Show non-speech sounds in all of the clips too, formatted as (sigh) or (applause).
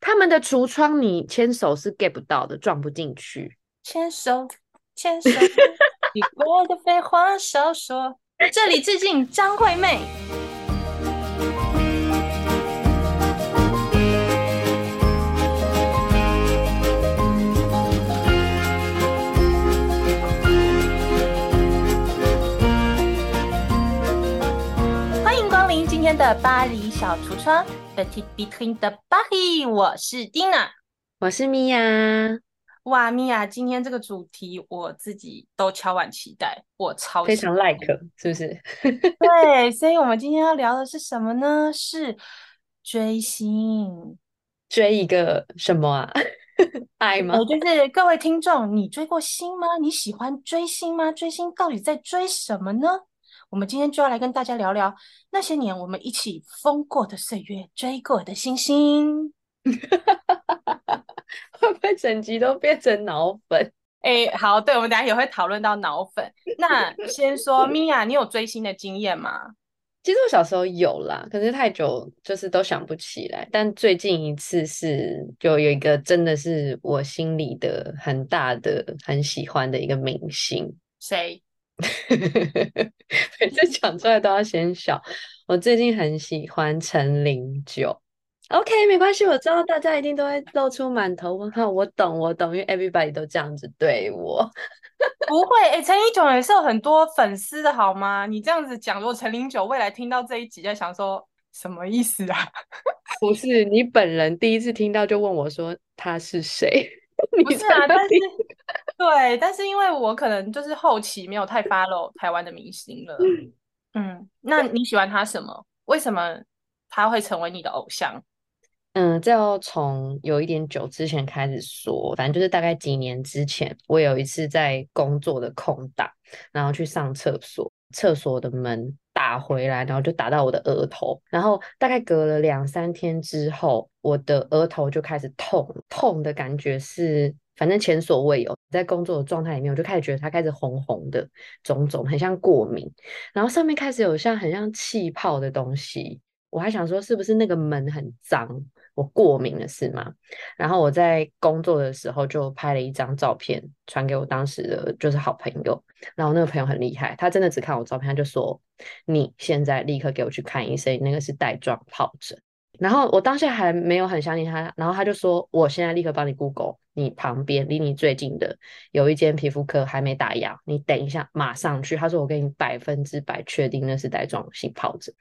他們的櫥窗，你牽手是 get 不到的，撞不進去。牽手，牽手，你 (laughs) 我的廢話少說。 (laughs) 這裡致敬張惠妹。 (music) 歡迎光臨今天的巴黎小櫥窗。Between the body，我是丁娜，我是米婭。哇，米婭，今天這個主題我自己都敲碗期待，我超喜歡非常 like，是不是？ (laughs) 對，所以我們今天要聊的是什麼呢？是追星，追一個什麼啊？ (laughs) 愛嗎？我就是各位聽眾，你追過星嗎？你喜歡追星嗎？追星到底在追什麼呢？我們今天就要來跟大家聊聊那些年我們一起瘋過的歲月，追過的星星。會不會整集都變成腦粉？哎、欸，好，對，我們等下也會討論到腦粉。 (laughs) 那先說，米婭，你有追星的經驗嗎？其實我小時候有啦，可是太久就是都想不起來。但最近一次是，就有一個真的是我心裡的很大的很喜歡的一個明星，誰？ (laughs) 每次講出來都要先笑。我最近很喜歡陳零九。OK，沒關係，我知道大家一定都會露出滿頭問號。我懂，我懂，因為 everybody 都這樣子對我。不會，哎、欸，陳零九也是有很多粉絲的好嗎？你這樣子講，如果陳零九未來聽到這一集，就想說什麼意思啊？不是，你本人第一次聽到就問我說他是誰？不是啊，但是。對，但是因為我可能就是後期沒有太 follow 台灣的明星了。嗯，嗯，那你喜歡他什麼？對為什麼他會成為你的偶像？嗯，這要從有一點久之前開始說，反正就是大概幾年之前，我有一次在工作的空檔，然後去上廁所，廁所的門打回來，然後就打到我的額頭，然後大概隔了兩三天之後，我的額頭就開始痛，痛的感覺是。反正前所未有，在工作的狀態裡面，我就開始覺得它開始紅紅的，腫腫，很像過敏。然後上面開始有像很像氣泡的東西。我還想說是不是那個門很髒，我過敏了是嗎？然後我在工作的時候就拍了一張照片，傳給我當時的就是好朋友。然後那個朋友很厲害，他真的只看我照片，他就說，你現在立刻給我去看醫生，那個是帶狀皰疹。然後我當下還沒有很相信他，然後他就說我現在立刻幫你 Google。你旁邊離你最近的有一間皮膚科還沒打烊，你等一下馬上去。他說我給你百分之百確定那是帶狀性疱疹，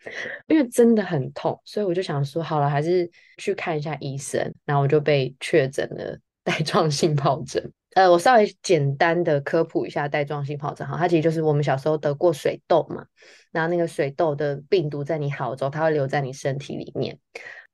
因為真的很痛，所以我就想說好了，還是去看一下醫生。然後我就被確診了帶狀性疱疹。呃，我稍微簡單的科普一下帶狀性疱疹哈，它其實就是我們小時候得過水痘嘛。然後那個水痘的病毒在你好之後，它會留在你身體裡面，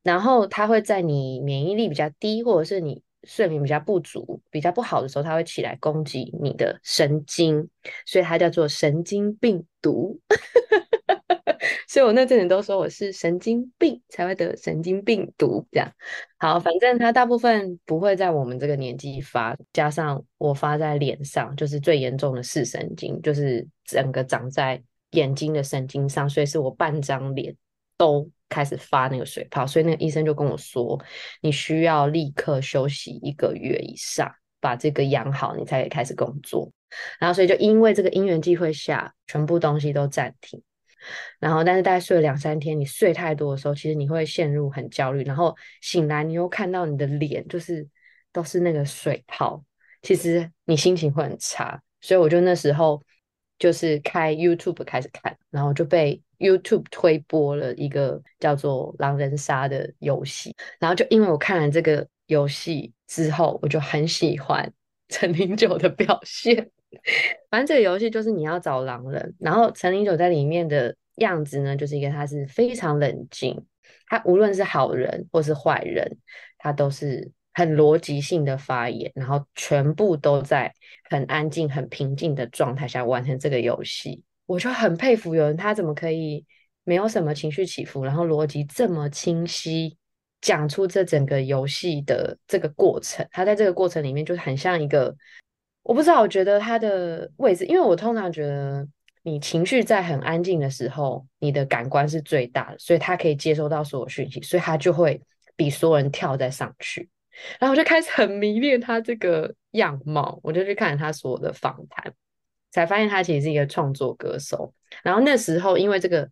然後它會在你免疫力比較低或者是你。睡眠比較不足、比較不好的時候，它會起來攻擊你的神經，所以它叫做神經病毒。 (laughs) 所以我那陣子都說我是神經病才會得神經病毒這樣。好，反正它大部分不會在我們這個年紀發，加上我發在臉上就是最嚴重的視神經，就是整個長在眼睛的神經上，所以是我半張臉都。開始發那個水泡，所以那個醫生就跟我說：“你需要立刻休息一個月以上，把這個養好，你才可以開始工作。”然後，所以就因為這個因緣際會下，全部東西都暫停。然後，但是大概睡了兩三天，你睡太多的時候，其實你會陷入很焦慮。然後醒來，你又看到你的臉就是都是那個水泡，其實你心情會很差。所以我就那時候就是開 YouTube 開始看，然後就被。YouTube 推播了一個叫做《狼人殺》的遊戲，然後就因為我看了這個遊戲之後，我就很喜歡陳零九的表現。 (laughs) 反正這個遊戲就是你要找狼人，然後陳零九在裡面的樣子呢，就是一個他是非常冷靜，他無論是好人或是壞人，他都是很邏輯性的發言，然後全部都在很安靜、很平靜的狀態下完成這個遊戲。我就很佩服有人，他怎麼可以沒有什麼情緒起伏，然後邏輯這麼清晰，講出這整個遊戲的這個過程。他在這個過程裡面，就是很像一個，我不知道，我覺得他的位置，因為我通常覺得你情緒在很安靜的時候，你的感官是最大的，所以他可以接收到所有訊息，所以他就會比所有人跳在上去。然後我就開始很迷戀他這個樣貌，我就去看他所有的訪談。才發現他其實是一個創作歌手。然後那時候，因為這個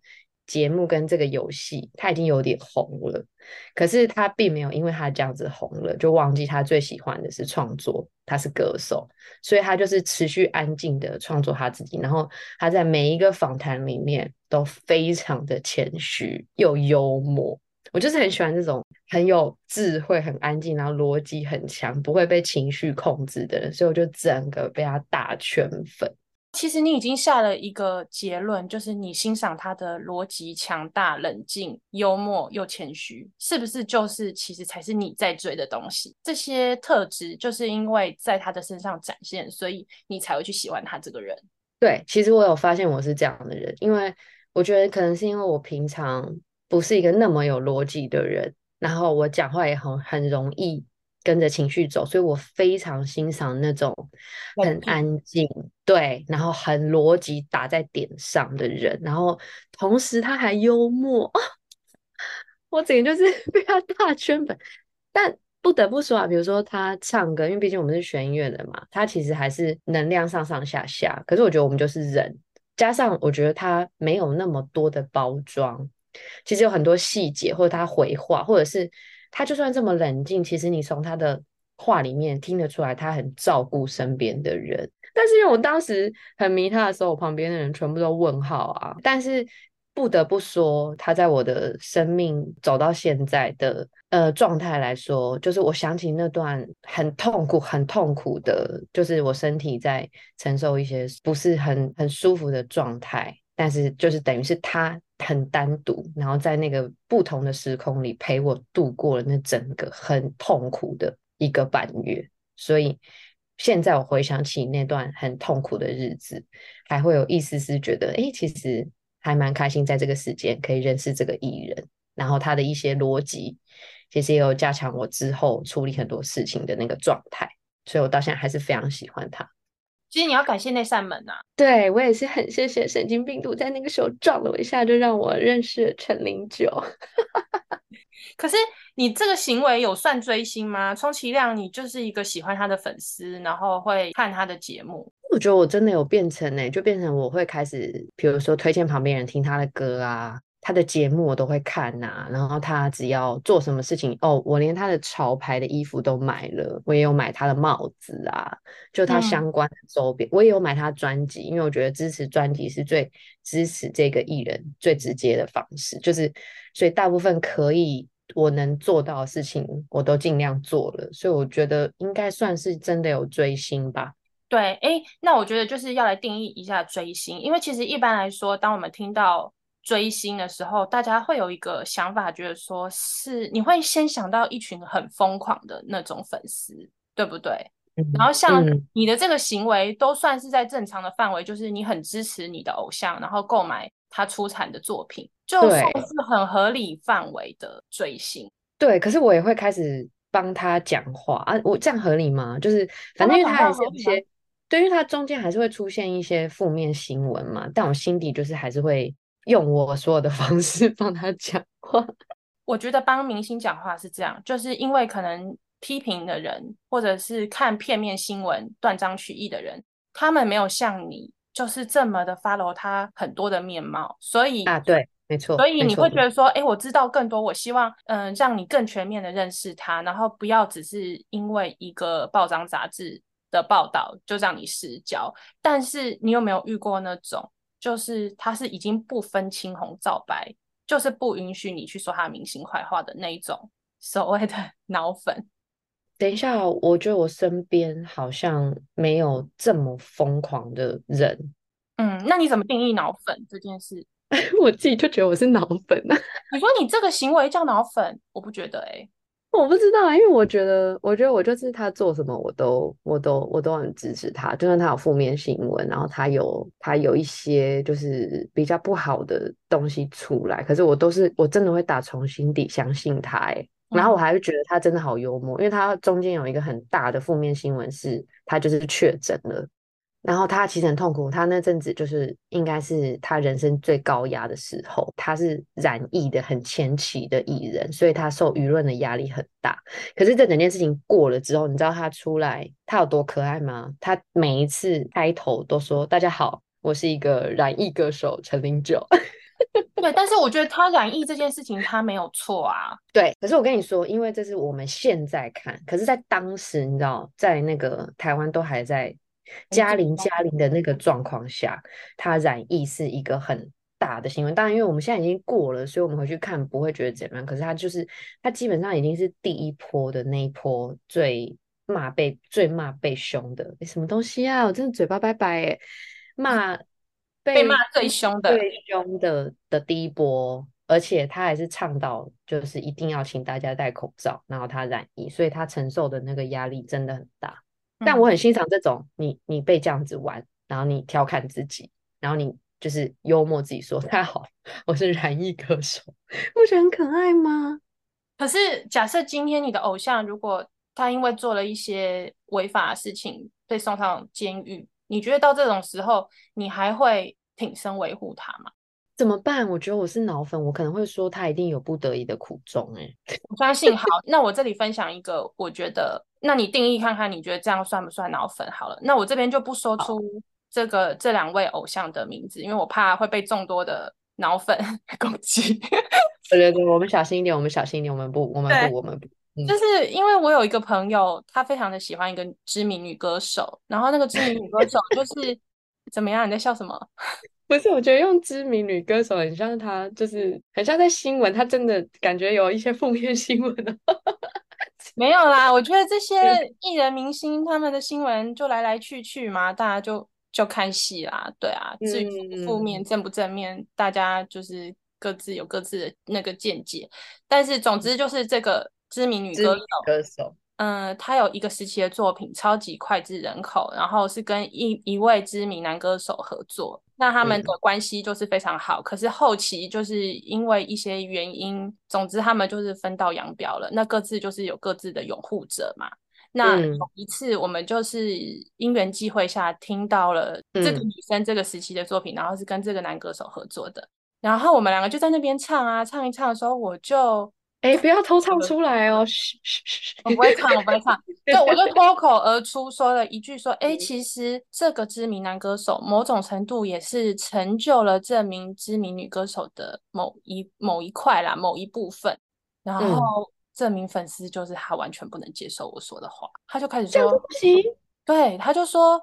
節目跟這個遊戲，他已經有點紅了。可是他並沒有因為他這樣子紅了，就忘記他最喜歡的是創作，他是歌手，所以他就是持續安靜的創作他自己。然後他在每一個訪談裡面都非常的謙虛又幽默。我就是很喜歡這種很有智慧、很安靜，然後邏輯很強，不會被情緒控制的人。所以我就整個被他打圈粉。其實你已經下了一個結論，就是你欣賞他的邏輯強大、冷靜、幽默又謙虛，是不是？就是其實才是你在追的東西。這些特質就是因為在他的身上展現，所以你才會去喜歡他這個人。對，其實我有發現我是這樣的人，因為我覺得可能是因為我平常不是一個那麼有邏輯的人，然後我講話也很很容易。跟着情緒走，所以我非常欣賞那種很安靜，安靜對，然後很邏輯打在點上的人，然後同時他還幽默。 (laughs) 我整個就是被他大圈粉。但不得不說啊，比如說他唱歌，因為畢竟我們是學音樂的嘛，他其實還是能量上上下下。可是我覺得我們就是人，加上我覺得他沒有那麼多的包裝，其實有很多細節或者他回話，或者是。他就算這麼冷靜，其實你從他的話裡面聽得出來，他很照顧身邊的人。但是因為我當時很迷他的時候，我旁邊的人全部都問號啊。但是不得不說，他在我的生命走到現在的呃狀態來說，就是我想起那段很痛苦、很痛苦的，就是我身體在承受一些不是很很舒服的狀態。但是就是等於是他很單獨，然後在那個不同的時空裡陪我度過了那整個很痛苦的一個半月。所以現在我回想起那段很痛苦的日子，還會有一絲絲覺得，哎，其實還蠻開心，在這個時間可以認識這個藝人，然後他的一些邏輯，其實也有加強我之後處理很多事情的那個狀態。所以我到現在還是非常喜歡他。其實你要感謝那扇門吶、啊，對我也是很謝謝神經病毒在那個時候撞了我一下，就讓我認識了陳零九。 (laughs) 可是你這個行為有算追星嗎？充其量你就是一個喜歡他的粉絲，然後會看他的節目。我覺得我真的有變成誒、欸，就變成我會開始，譬如說推薦旁邊人聽他的歌啊。他的節目我都會看吶、啊，然後他只要做什麼事情哦，我連他的潮牌的衣服都買了，我也有買他的帽子啊，就他相關的周邊，嗯、我也有買他的專輯，因為我覺得支持專輯是最支持這個藝人最直接的方式，就是所以大部分可以我能做到的事情，我都盡量做了，所以我覺得應該算是真的有追星吧。對，哎、欸，那我覺得就是要來定義一下追星，因為其實一般來說，當我們聽到。追星的時候，大家會有一個想法，覺得說是你會先想到一群很瘋狂的那種粉絲，對不對？嗯、然後像你的這個行為都算是在正常的範圍，就是你很支持你的偶像，然後購買他出產的作品，就說是很合理範圍的追星。對，對，可是我也會開始幫他講話啊，我這樣合理嗎？嗯、就是反正因為他還一些，嗯、對，因為他中間還是會出現一些負面新聞嘛，嗯、但我心底就是還是會。用我說的方式幫他講話。我覺得幫明星講話是這樣，就是因為可能批評的人，或者是看片面新聞、斷章取義的人，他們沒有像你，就是這麼的 follow 他很多的面貌，所以啊，對，沒錯，所以你會覺得說，哎、欸，我知道更多，我希望嗯、呃，讓你更全面的認識他，然後不要只是因為一個報章雜誌的報道就讓你失焦。但是你有沒有遇過那種？就是他是已經不分青紅皂白，就是不允許你去說他明星壞話的那一種所謂的腦粉。等一下，我覺得我身邊好像沒有這麼瘋狂的人。嗯，那你怎麼定義腦粉這件事？ (laughs) 我自己就覺得我是腦粉啊。你說你這個行為叫腦粉，我不覺得哎、欸。我不知道，因為我覺得，我覺得我就是他做什麼，我都，我都，我都很支持他。就算他有負面新聞，然後他有他有一些就是比較不好的東西出來，可是我都是我真的會打從心底相信他欸。然後我還是覺得他真的好幽默，嗯。因為他中間有一個很大的負面新聞是，他就是確診了。然後他其實很痛苦，他那陣子就是應該是他人生最高壓的時候。他是染疫的很前期的藝人，所以他受輿論的壓力很大。可是，這整件事情過了之後，你知道他出來他有多可愛嗎？他每一次開頭都說：“大家好，我是一個染疫歌手陳零九。 (laughs) ”對，但是我覺得他染疫這件事情他沒有錯啊。對，可是我跟你說，因為這是我們現在看，可是，在當時你知道，在那個台灣都還在。嘉玲嘉玲的那個狀況下，她染疫是一個很大的新聞。當然，因為我們現在已經過了，所以我們回去看不會覺得怎麼樣。可是她就是她基本上已經是第一波的那一波最罵被最罵被凶的、欸、什麼東西啊！我真的嘴巴拜拜，罵被罵最凶的被凶的最凶的的第一波，而且她還是倡導就是一定要請大家戴口罩，然後她染疫，所以她承受的那個壓力真的很大。但我很欣賞這種、嗯、你，你被這樣子玩，然後你調侃自己，然後你就是幽默自己說：“太好，我是染硬歌手，不是很可愛嗎？可是假設今天你的偶像如果他因為做了一些違法的事情被送上監獄，你覺得到這種時候你還會挺身維護他嗎？怎麼辦？我覺得我是腦粉，我可能會說他一定有不得已的苦衷、欸。哎，我相信。好， (laughs) 那我這裡分享一個，我覺得。那你定義看看，你覺得這樣算不算腦粉？好了，那我這邊就不說出這個好這兩位偶像的名字，因為我怕會被眾多的腦粉攻擊。對對對，我們小心一點，我們小心一點，我們不，我們不，對我們不。嗯、就是因為我有一個朋友，他非常的喜歡一個知名女歌手，然後那個知名女歌手就是 (laughs) 怎麼樣？你在笑什麼？不是，我覺得用知名女歌手很像是他，就是很像在新聞，他真的感覺有一些負面新聞、哦。 (laughs) (laughs) 沒有啦，我覺得這些藝人明星他們的新聞就來來去去嘛，大家就就看戲啦，對啊，至於負面正不正面，嗯、大家就是各自有各自的那個見解，但是總之就是這個知名女歌手，知名歌手。嗯，他有一個時期的作品超級膾炙人口，然後是跟一一位知名男歌手合作，那他們的關係就是非常好。嗯、可是後期就是因為一些原因，總之他們就是分道揚鑣了。那各自就是有各自的擁護者嘛。那、嗯、一次我們就是因緣際會下聽到了這個女生這個時期的作品，嗯、然後是跟這個男歌手合作的。然後我們兩個就在那邊唱啊唱一唱的時候，我就。哎、欸，不要偷唱出來哦！我，的我不會唱，我不會唱。對， (laughs) 我就脫口而出說了一句：說，哎、欸，其實這個知名男歌手某種程度也是成就了這名知名女歌手的某一某一塊啦，某一部分。然後這名粉絲就是他完全不能接受我說的話，他就開始說：不行。對，他就說：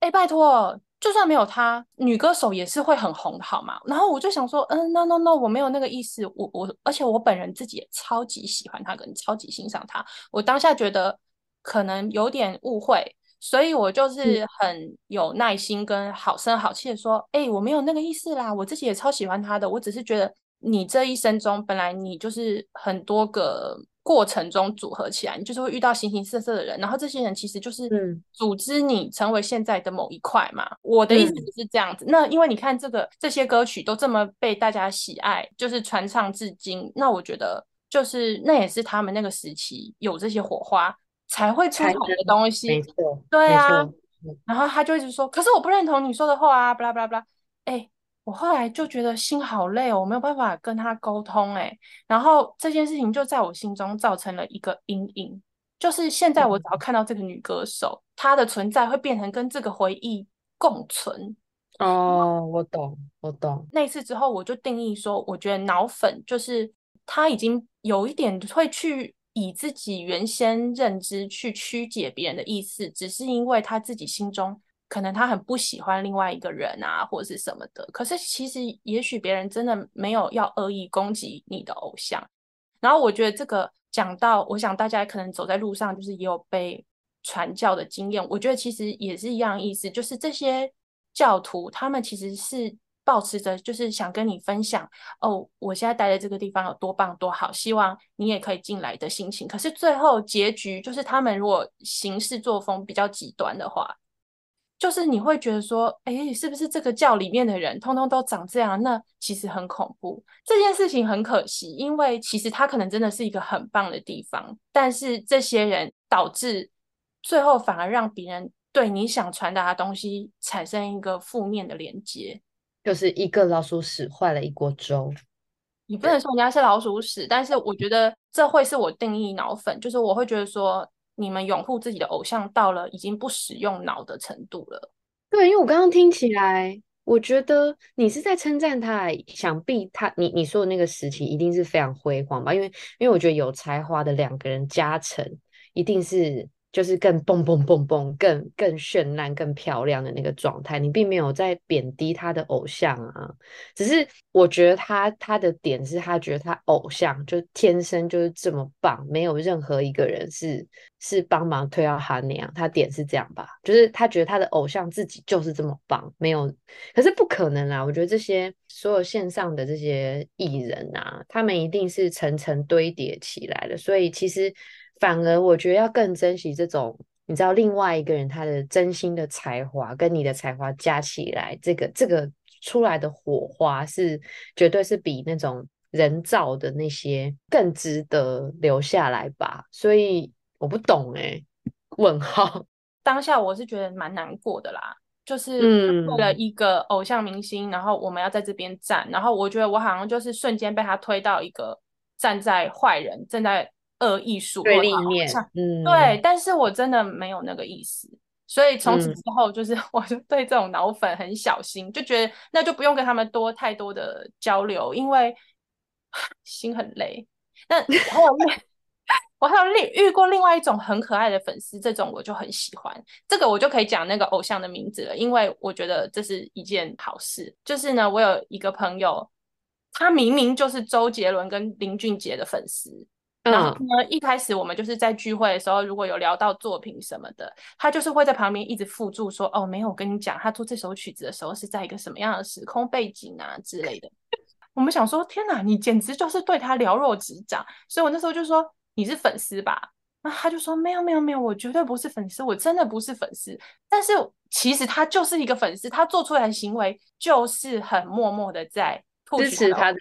哎、欸，拜托。就算沒有他，女歌手也是會很紅的，好嗎？然後我就想說，嗯，no no no，我沒有那個意思，我我，而且我本人自己也超級喜歡他，跟超級欣賞他。我當下覺得可能有點誤會，所以我就是很有耐心跟好聲好氣的說，哎，嗯，欸，我沒有那個意思啦，我自己也超喜歡他的，我只是覺得你這一生中本來你就是很多個。過程中組合起來，你就是會遇到形形色色的人，然後這些人其實就是組織你成為現在的某一塊嘛。嗯、我的意思就是這樣子。嗯、那因為你看這個這些歌曲都這麼被大家喜愛，就是傳唱至今。那我覺得就是那也是他們那個時期有這些火花才會出產的東西。沒錯。對啊。然後他就一直說，可是我不認同你說的話啊，巴拉巴拉巴拉，哎。我後來就覺得心好累哦，我沒有辦法跟他溝通哎、欸，然後這件事情就在我心中造成了一個陰影，就是現在我只要看到這個女歌手，她的存在會變成跟這個回憶共存。哦，我懂，我懂。那次之後，我就定義說，我覺得腦粉就是她已經有一點會去以自己原先認知去曲解別人的意思，只是因為她自己心中。可能他很不喜歡另外一個人啊，或者是什麼的。可是其實，也許別人真的沒有要惡意攻擊你的偶像。然後我覺得這個講到，我想大家可能走在路上，就是也有被傳教的經驗。我覺得其實也是一樣意思，就是這些教徒他們其實是抱持著，就是想跟你分享哦，我現在待在這個地方有多棒多好，希望你也可以進來的心情。可是最後結局就是，他們如果行事作風比較極端的話。就是你會覺得說，哎，是不是這個教裡面的人通通都長這樣？那其實很恐怖，這件事情很可惜，因為其實它可能真的是一個很棒的地方，但是這些人導致最後反而讓別人對你想傳達的東西產生一個負面的連接，就是一個老鼠屎壞了一鍋粥。你不能說人家是老鼠屎，對但是我覺得這會是我定義腦粉，就是我會覺得說，你們擁護自己的偶像到了已經不使用腦的程度了。對，因為我剛剛聽起來，我覺得你是在稱讚他，想必他你你說的那個時期一定是非常輝煌吧？因為因為我覺得有才華的兩個人加成一定是。就是更蹦蹦蹦蹦，更更絢爛、更漂亮的那個狀態。你並沒有在貶低他的偶像啊，只是我覺得他他的點是他覺得他偶像就天生就是這麼棒，沒有任何一個人是是幫忙推到他那樣。他點是這樣吧？就是他覺得他的偶像自己就是這麼棒，沒有。可是不可能啊！我覺得這些所有線上的這些藝人啊，他們一定是層層堆疊起來的。所以其實。反而我覺得要更珍惜這種，你知道，另外一個人他的真心的才華跟你的才華加起來，這個這個出來的火花是絕對是比那種人造的那些更值得留下來吧。所以我不懂哎、欸，問號。當下我是覺得蠻難過的啦，就是為了一個偶像明星，嗯、然後我們要在這邊站，然後我覺得我好像就是瞬間被他推到一個站在壞人，站在。惡藝術對立面，嗯，對，但是我真的沒有那個意思，所以從此之後，就是我就對這種腦粉很小心，嗯、就覺得那就不用跟他們多太多的交流，因為心很累。那我 (laughs) 我還有遇遇過另外一種很可愛的粉絲，這種我就很喜歡，這個我就可以講那個偶像的名字了，因為我覺得這是一件好事。就是呢，我有一個朋友，他明明就是周杰倫跟林俊傑的粉絲。然後呢，嗯、一開始我們就是在聚會的時候，如果有聊到作品什麼的，他就是會在旁邊一直附注說：“哦，沒有，我跟你講，他做這首曲子的時候是在一個什麼樣的時空背景啊之類的。” (laughs) 我們想說：“天哪，你簡直就是對他了若指掌。”所以，我那時候就說：“你是粉絲吧？”那他就說：“沒有，沒有，沒有，我絕對不是粉絲，我真的不是粉絲。”但是其實他就是一個粉絲，他做出來的行為就是很默默的在支持他的。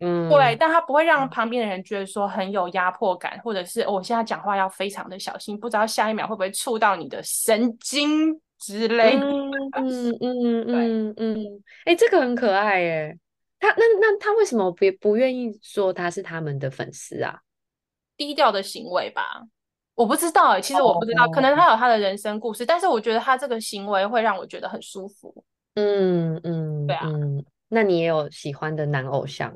嗯，對，但他不會讓旁邊的人覺得說很有壓迫感，嗯、或者是、哦、我現在講話要非常的小心，不知道下一秒會不會觸到你的神經之類嗯。嗯嗯嗯嗯嗯，哎、嗯對嗯欸，這個很可愛哎，他那那他為什麼不不願意說他是他們的粉絲啊？低調的行為吧，我不知道哎，其實我不知道，oh. 可能他有他的人生故事，但是我覺得他這個行為會讓我覺得很舒服。嗯嗯，嗯對啊、嗯，那你也有喜歡的男偶像？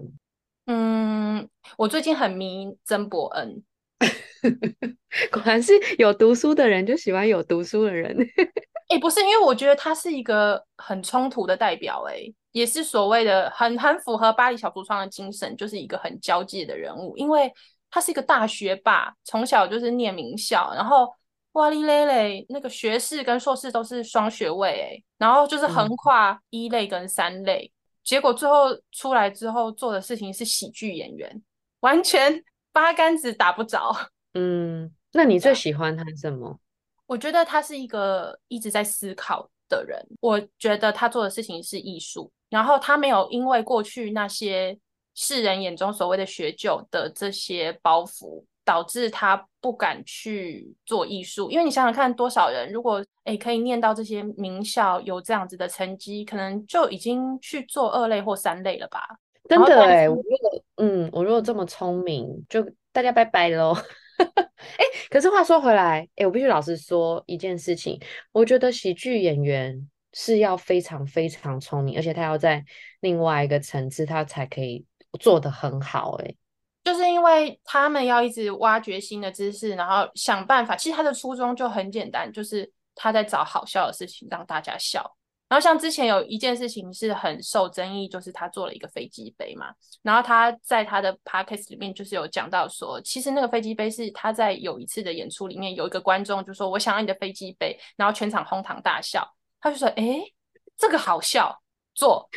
嗯，我最近很迷曾博恩， (laughs) 果然是有讀書的人就喜歡有讀書的人。 (laughs) 誒，不是，因為我覺得他是一個很衝突的代表，誒，也是所謂的很很符合巴黎小櫥窗的精神，就是一個很交際的人物，因為他是一個大學霸，從小就是念名校，然後哇哩咧嘞，那個學士跟碩士都是雙學位，誒，然後就是橫跨一類跟三類。嗯結果最後出來之後做的事情是喜劇演員，完全八竿子打不着。嗯，那你最喜歡他什麼？我覺得他是一個一直在思考的人。我覺得他做的事情是藝術，然後他沒有因為過去那些世人眼中所謂的學究的這些包袱。導致他不敢去做藝術，因為你想想看，多少人如果、欸、可以念到這些名校，有這樣子的成績，可能就已經去做二類或三類了吧？真的哎，我如果嗯，我如果這麼聰明，嗯、就大家拜拜嘍。哎、 (laughs) 欸，可是話說回來，哎、欸，我必須老實說一件事情，我覺得喜劇演員是要非常非常聰明，而且他要在另外一個層次，他才可以做得很好。哎。就是因為他們要一直挖掘新的知識，然後想辦法。其實他的初衷就很簡單，就是他在找好笑的事情讓大家笑。然後像之前有一件事情是很受爭議，就是他做了一個飛機杯嘛。然後他在他的 podcast 裡面就是有講到說，其實那個飛機杯是他在有一次的演出裡面有一個觀眾就說：“我想要你的飛機杯。”然後全場哄堂大笑。他就說：“哎、欸，這個好笑，做。”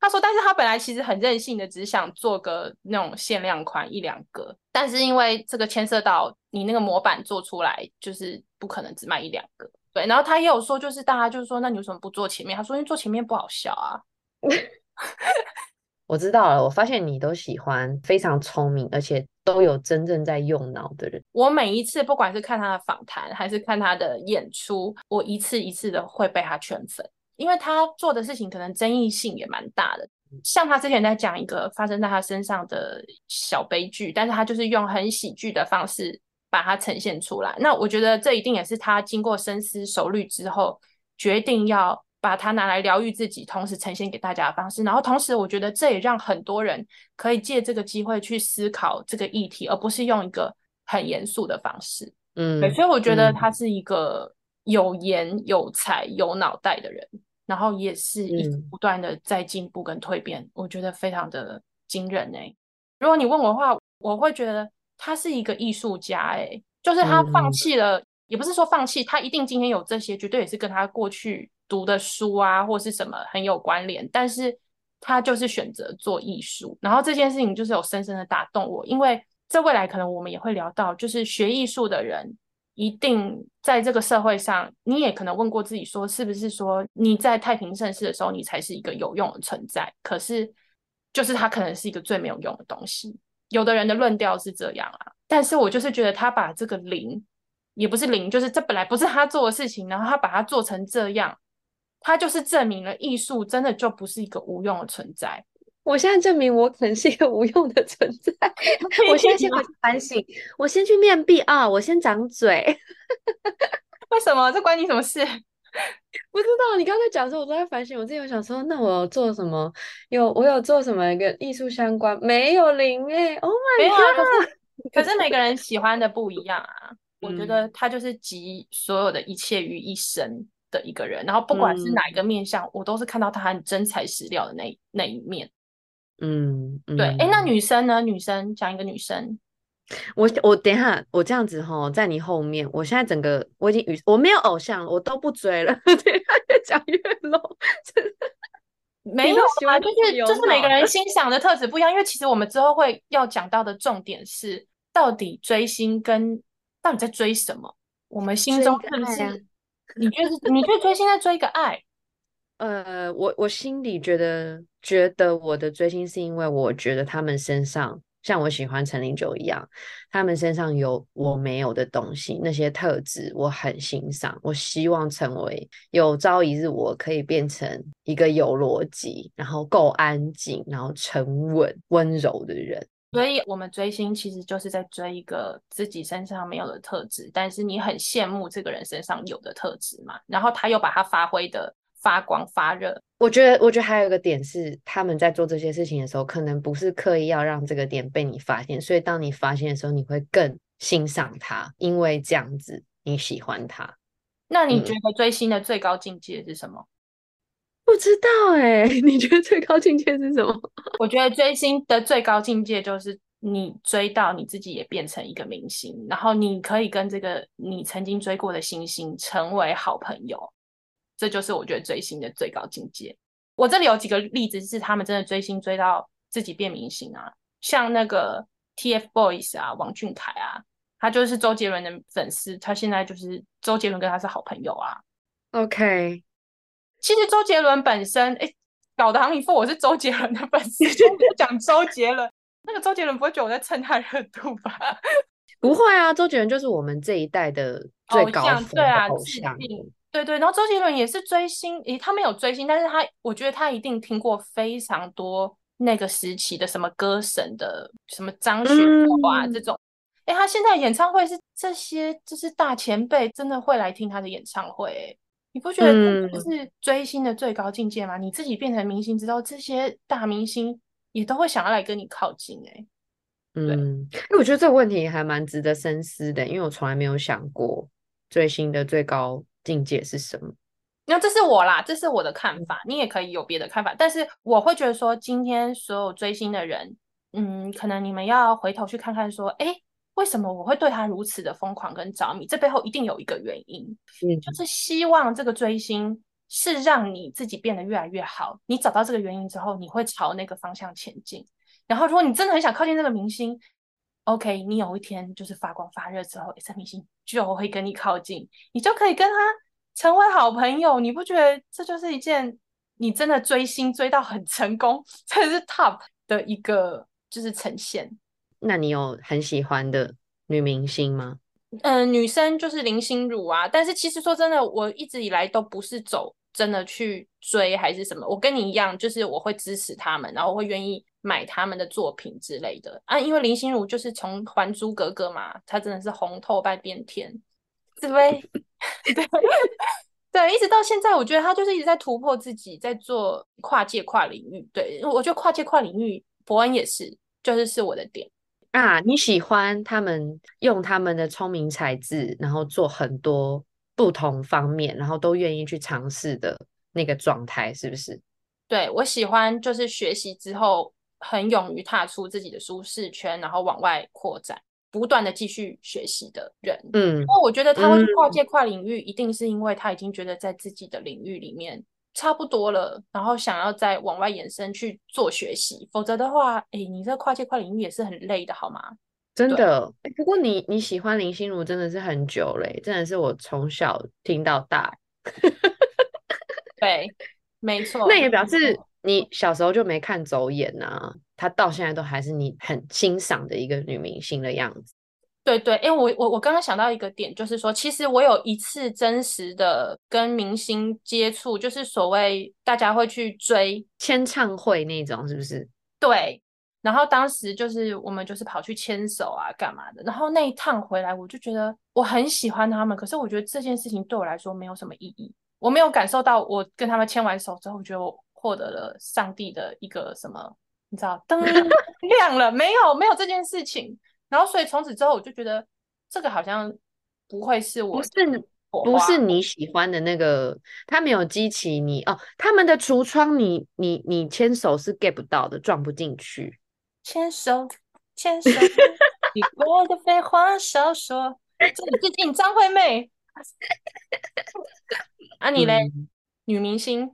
他說，但是他本來其實很任性的，只想做個那種限量款一兩個，但是因為這個牽涉到你那個模板，做出來，就是不可能只賣一兩個。對，然後他也有說，就是大家就是說，那你為什麼不做前面？他說，因為做前面不好笑啊。 (laughs) (laughs) 我知道了，我發現你都喜歡非常聰明，而且都有真正在用腦的人。我每一次不管是看他的訪談，還是看他的演出，我一次一次的會被他圈粉。因為他做的事情可能爭議性也蠻大的，像他之前在講一個發生在他身上的小悲劇，但是他就是用很喜劇的方式把它呈現出來。那我覺得這一定也是他經過深思熟慮之後決定要把它拿來療癒自己，同時呈現給大家的方式。然後同時，我覺得這也讓很多人可以借這個機會去思考這個議題，而不是用一個很嚴肅的方式。嗯，對。所以我覺得他是一個有顏、有才、有腦袋的人。然後也是一直不斷的在進步跟蛻變，嗯、我覺得非常的驚人呢、欸。如果你問我的話，我會覺得他是一個藝術家哎、欸，就是他放棄了，嗯、也不是說放棄，他一定今天有這些，絕對也是跟他過去讀的書啊，或是什麼很有關聯。但是他就是選擇做藝術，然後這件事情就是有深深的打動我，因為在未來可能我們也會聊到，就是學藝術的人。一定在這個社會上，你也可能問過自己說，說是不是說你在太平盛世的時候，你才是一個有用的存在？可是，就是它可能是一個最沒有用的東西。有的人的論調是這樣啊，但是我就是覺得他把這個零，也不是零，就是這本來不是他做的事情，然後他把它做成這樣，他就是證明了藝術真的就不是一個無用的存在。我現在證明我可能是一個無用的存在。 (laughs) 我現在先去反省， (laughs) 過我先去面壁啊、 (laughs) 哦！我先掌嘴。 (laughs) 為什麼？這關你什麼事？ (laughs) 不知道。你剛才講的時候，我都在反省我自己。有想說，那我做什麼？有我有做什麼？跟藝術相關？沒有零哎！Oh my god！可是，可是每個人喜歡的不一樣啊。 (laughs) 嗯、我覺得他就是集所有的一切於一身的一個人。然後不管是哪一個面相，嗯、我都是看到他很真材實料的那那一面。嗯，對，哎、嗯，那女生呢？女生講一個女生，我我等一下，我這樣子哈，在你後面，我現在整個我已經與我沒有偶像了，我都不追了。對，越講越 low，沒有喜歡，就是就是每個人欣賞的特質不一樣。因為其實我們之後會要講到的重點是，到底追星跟到底在追什麼？我們心中看是不、啊就是？你覺得？你去追星在追一個愛？ (laughs) 呃，我我心裡覺得。我覺得我的追星是因為我覺得他們身上，像我喜歡陳零九一樣，他們身上有我沒有的東西，那些特質我很欣賞。我希望成為有朝一日我可以變成一個有邏輯、然後夠安靜、然後沉穩、溫柔的人。所以，我們追星其實就是在追一個自己身上沒有的特質，但是你很羨慕這個人身上有的特質嘛。然後他又把他發揮的。發光發熱，我覺得，我覺得還有一個點是，他們在做這些事情的時候，可能不是刻意要讓這個點被你發現，所以當你發現的時候，你會更欣賞他，因為這樣子你喜歡他。那你覺得追星的最高境界是什麼？嗯，不知道哎欸，你覺得最高境界是什麼？我覺得追星的最高境界就是你追到你自己也變成一個明星，然後你可以跟這個你曾經追過的星星成為好朋友。這就是我覺得追星的最高境界。我這裡有幾個例子是他們真的追星追到自己變明星啊，像那個 TFBOYS 啊，王俊凱啊，他就是周杰倫的粉絲，他現在就是周杰倫跟他是好朋友啊。OK，其實周杰倫本身，哎，搞得好像一副我是周杰倫的粉絲， (laughs) 就講周杰倫。 (laughs) 那個周杰倫不會覺得我在蹭他熱度吧？ (laughs) 不會啊，周杰倫就是我們這一代的最高峰，哦、像對啊，致對對，然後周杰倫也是追星，誒，他沒有追星，但是他我覺得他一定聽過非常多那個時期的什麼歌神的，什麼張學友啊、嗯、這種，哎，他現在演唱會是這些，就是大前輩真的會來聽他的演唱會，你不覺得就是追星的最高境界嗎？嗯、你自己變成明星之後，知道這些大明星也都會想要來跟你靠近，哎，嗯，哎，我覺得這個問題還蠻值得深思的，因為我從來沒有想過追星的最高。境界是什麼？那這是我啦，這是我的看法。你也可以有別的看法，但是我會覺得說，今天所有追星的人，嗯，可能你們要回頭去看看，說，哎，為什麼我會對他如此的瘋狂跟着迷？這背後一定有一個原因，嗯，就是希望這個追星是讓你自己變得越來越好。你找到這個原因之後，你會朝那個方向前進。然後，如果你真的很想靠近那個明星，OK，你有一天就是發光發熱之後，一些明星就會跟你靠近，你就可以跟他成為好朋友，你不覺得這就是一件你真的追星追到很成功，這是 Top 的一個就是呈現。那你有很喜歡的女明星嗎？嗯、呃，女生就是林心如啊。但是其實說真的，我一直以來都不是走真的去追還是什麼，我跟你一樣，就是我會支持他們，然後我會願意。買他們的作品之類的啊，因為林心如就是從《還珠格格》嘛，她真的是紅透半邊天，是不是？ (laughs) (laughs) 對，對，一直到現在，我覺得她就是一直在突破自己，在做跨界跨領域。對，我覺得跨界跨領域，博恩也是，就是是我的點啊。你喜歡他們用他們的聰明才智，然後做很多不同方面，然後都願意去嘗試的那個狀態，是不是？對，我喜歡就是學習之後。很勇於踏出自己的舒適圈，然後往外擴展，不斷地繼續學習的人，嗯，那我覺得他會跨界跨領域，一定是因為他已經覺得在自己的領域裡面差不多了，然後想要再往外延伸去做學習，否則的話，哎、欸，你在跨界跨領域也是很累的好嗎？真的對、欸，不過你你喜歡林心如真的是很久嘞，真的是我從小聽到大， (laughs) 對，沒錯，那也表示。你小時候就沒看走眼吶、啊,她到現在都還是你很欣賞的一個女明星的樣子。對對，因、欸、為我我我剛剛想到一個點，就是說，其實我有一次真實的跟明星接觸，就是所謂大家會去追簽唱會那種，是不是？對。然後當時就是我們就是跑去牽手啊，幹嘛的？然後那一趟回來，我就覺得我很喜歡他們，可是我覺得這件事情對我來說沒有什麼意義，我沒有感受到我跟他們牽完手之後，我覺得。獲得了上帝的一個什麼？你知道燈亮了沒有？沒有這件事情。然後，所以從此之後，我就覺得這個好像不會是我，不是你，不是你喜歡的那個。他沒有激起你哦。他們的櫥窗你，你你你牽手是 get 不到的，撞不進去。牽手，牽手，你我的廢話少說。最近張惠妹。 (laughs) 啊你，你嘞、嗯？女明星。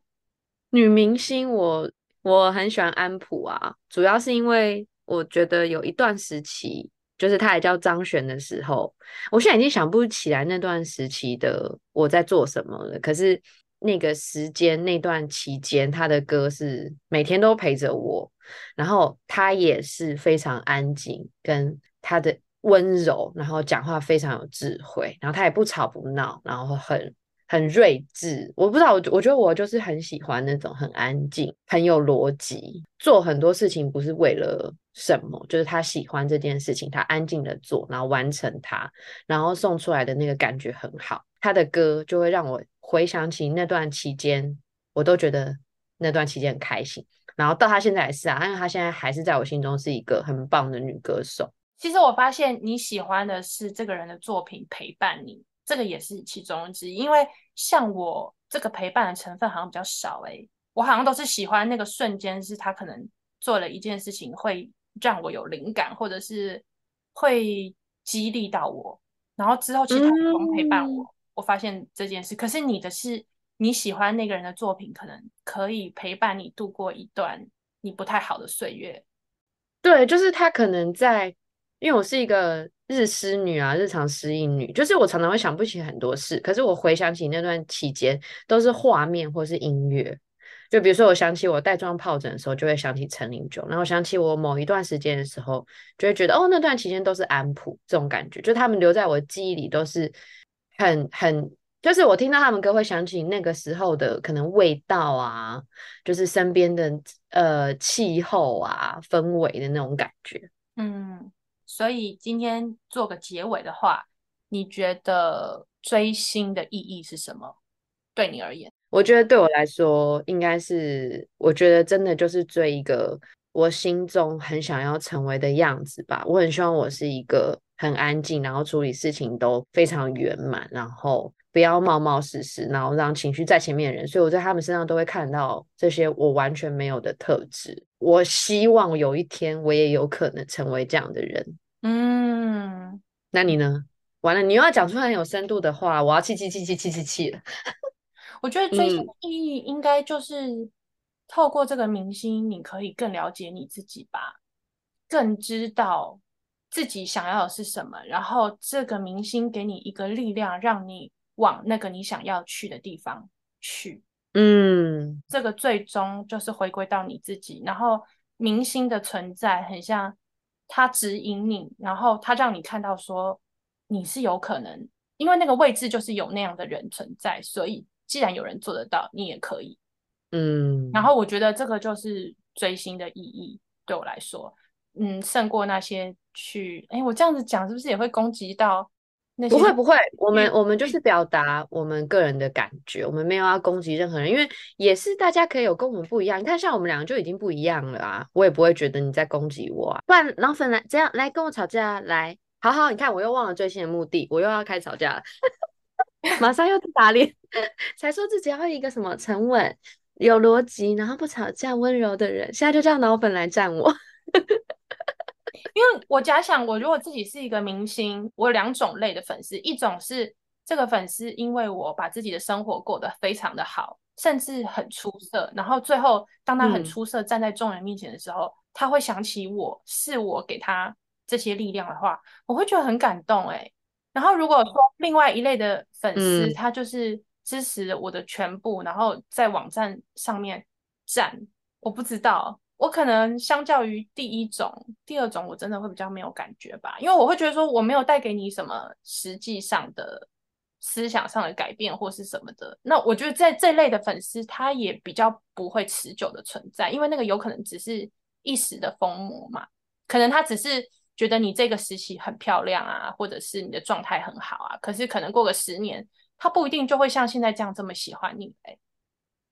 女明星我，我我很喜歡安溥啊，主要是因為我覺得有一段時期，就是她還叫張懸的時候，我現在已經想不起來那段時期的我在做什麼了。可是那個時間那段期間，她的歌是每天都陪着我，然後她也是非常安靜，跟她的溫柔，然後講話非常有智慧，然後她也不吵不鬧，然後很。很睿智，我不知道，我覺得我就是很喜歡那種很安靜、很有邏輯，做很多事情不是為了什麼，就是他喜歡這件事情，他安靜的做，然後完成它，然後送出來的那個感覺很好。他的歌就會讓我回想起那段期間，我都覺得那段期間很開心。然後到他現在也是啊，因為他現在還是在我心中是一個很棒的女歌手。其實我發現你喜歡的是這個人的作品陪伴你，這個也是其中之一，因為。像我這個陪伴的成分好像比較少哎，、欸，我好像都是喜歡那個瞬間，是他可能做了一件事情，會讓我有靈感，或者是會激勵到我，然後之後其他人陪伴我，嗯、我發現這件事。可是你的是你喜歡那個人的作品，可能可以陪伴你度過一段你不太好的歲月。對，就是他可能在，因為我是一個。日失女啊，日常失憶女，就是我常常會想不起很多事，可是我回想起那段期間都是畫面或是音樂，就比如說我想起我帶狀疱疹的時候，就會想起陳零九，然後想起我某一段時間的時候，就會覺得哦，那段期間都是安溥這種感覺，就他們留在我的記憶裡都是很很，就是我聽到他們歌會想起那個時候的可能味道啊，就是身邊的呃氣候啊氛圍的那種感覺，嗯。所以今天做個結尾的話，你覺得追星的意義是什麼？對你而言，我覺得對我來說，應該是我覺得真的就是追一個我心中很想要成為的樣子吧。我很希望我是一個很安靜，然後處理事情都非常圓滿，然後不要冒冒失失，然後讓情緒在前面的人。所以我在他們身上都會看到這些我完全沒有的特質。我希望有一天我也有可能成為這樣的人。嗯，那你呢？完了，你又要講出很有深度的話，我要氣氣氣氣氣氣氣了。 (laughs) 我覺得最終的意義應該就是透過這個明星，你可以更了解你自己吧，更知道自己想要的是什麼，然後這個明星給你一個力量，讓你往那個你想要去的地方去。嗯，這個最終就是回歸到你自己，然後明星的存在很像。他指引你，然後他讓你看到說你是有可能，因為那個位置就是有那樣的人存在，所以既然有人做得到，你也可以，嗯。然後我覺得這個就是追星的意義，對我來說，嗯，勝過那些去。哎，我這樣子講是不是也會攻擊到？不會不會，嗯、我們我們就是表達我們個人的感覺，嗯、我們沒有要攻擊任何人，因為也是大家可以有跟我們不一樣。你看，像我們兩個就已經不一樣了啊，我也不會覺得你在攻擊我啊。不然老粉來這樣來跟我吵架，來，好好你看，我又忘了最新的目的，我又要開始吵架了， (laughs) (laughs) 馬上又打臉，才說自己要一個什麼沉穩、有邏輯，然後不吵架、溫柔的人，現在就叫老粉來戰我。 (laughs) 因為我假想，我如果自己是一個明星，我有兩種類的粉絲，一種是這個粉絲，因為我把自己的生活過得非常的好，甚至很出色，然後最後當他很出色站在眾人面前的時候，嗯、他會想起我，是我給他這些力量的話，我會覺得很感動誒、欸，然後如果說另外一類的粉絲，他就是支持了我的全部，嗯、然後在網站上面站，我不知道。我可能相較於第一種、第二種，我真的會比較沒有感覺吧，因為我會覺得說我沒有帶給你什麼實際上的思想上的改變或是什麼的。那我覺得在這類的粉絲，他也比較不會持久的存在，因為那個有可能只是一時的瘋魔嘛，可能他只是覺得你這個時期很漂亮啊，或者是你的狀態很好啊，可是可能過個十年，他不一定就會像現在這樣這麼喜歡你欸。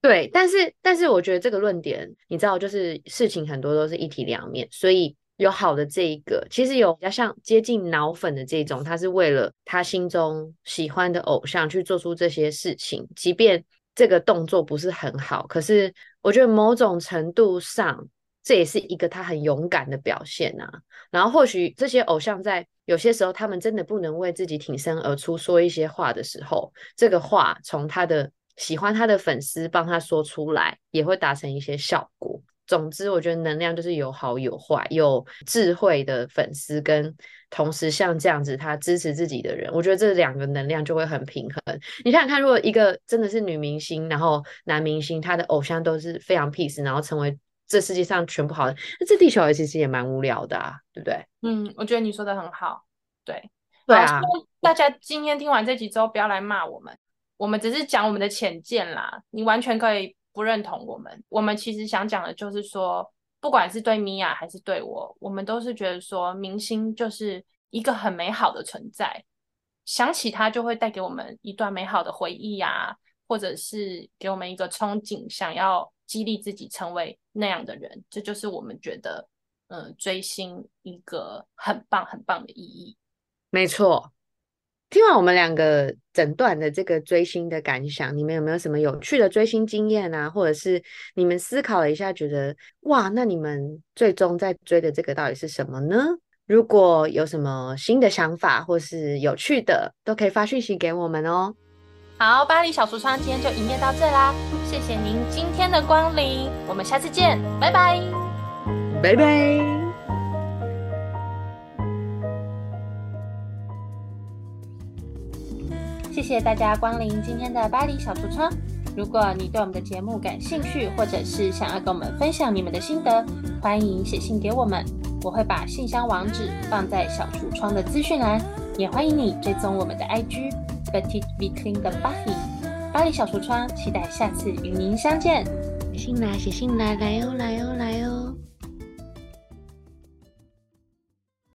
對，但是但是，我覺得這個論點，你知道，就是事情很多都是一體兩面，所以有好的這一個，其實有比較像接近腦粉的這一種，他是為了他心中喜歡的偶像去做出這些事情，即便這個動作不是很好，可是我覺得某種程度上，這也是一個他很勇敢的表現吶。然後或許這些偶像在有些時候，他們真的不能為自己挺身而出說一些話的時候，這個話從他的。喜歡他的粉絲幫他說出來，也會達成一些效果。總之，我覺得能量就是有好有壞，有智慧的粉絲跟同時像這樣子他支持自己的人，我覺得這兩個能量就會很平衡。你想想看，如果一個真的是女明星，然後男明星，他的偶像都是非常 peace，然後成為這世界上全部好的，那這地球其實也蠻無聊的啊，對不對？嗯，我覺得你說的很好。對，對啊。大家今天聽完這集之後，不要來罵我們。我們只是講我們的淺見啦，你完全可以不認同我們。我們其實想講的就是說，不管是對米婭還是對我，我們都是覺得說，明星就是一個很美好的存在。想起他就會帶給我們一段美好的回憶啊，或者是給我們一個憧憬，想要激勵自己成為那樣的人。這就是我們覺得，嗯、呃，追星一個很棒很棒的意義。沒錯。聽完我們兩個整段的這個追星的感想，你們有沒有什麼有趣的追星經驗啊？或者是你們思考了一下，覺得哇，那你們最終在追的這個到底是什麼呢？如果有什麼新的想法或是有趣的，都可以發訊息給我們哦。好，巴黎小櫥窗今天就營業到這啦，謝謝您今天的光臨，我們下次見，拜拜，拜拜。謝謝大家光臨今天的巴黎小櫥窗。如果你對我們的節目感興趣，或者是想要跟我們分享你們的心得，歡迎寫信給我們，我會把信箱網址放在小櫥窗的資訊欄。也歡迎你追蹤我們的 IG，Petite Vitrine de Paris。巴黎小櫥窗，期待下次與您相見。寫信啦，寫信啦，來哦來哦來哦。來哦來哦。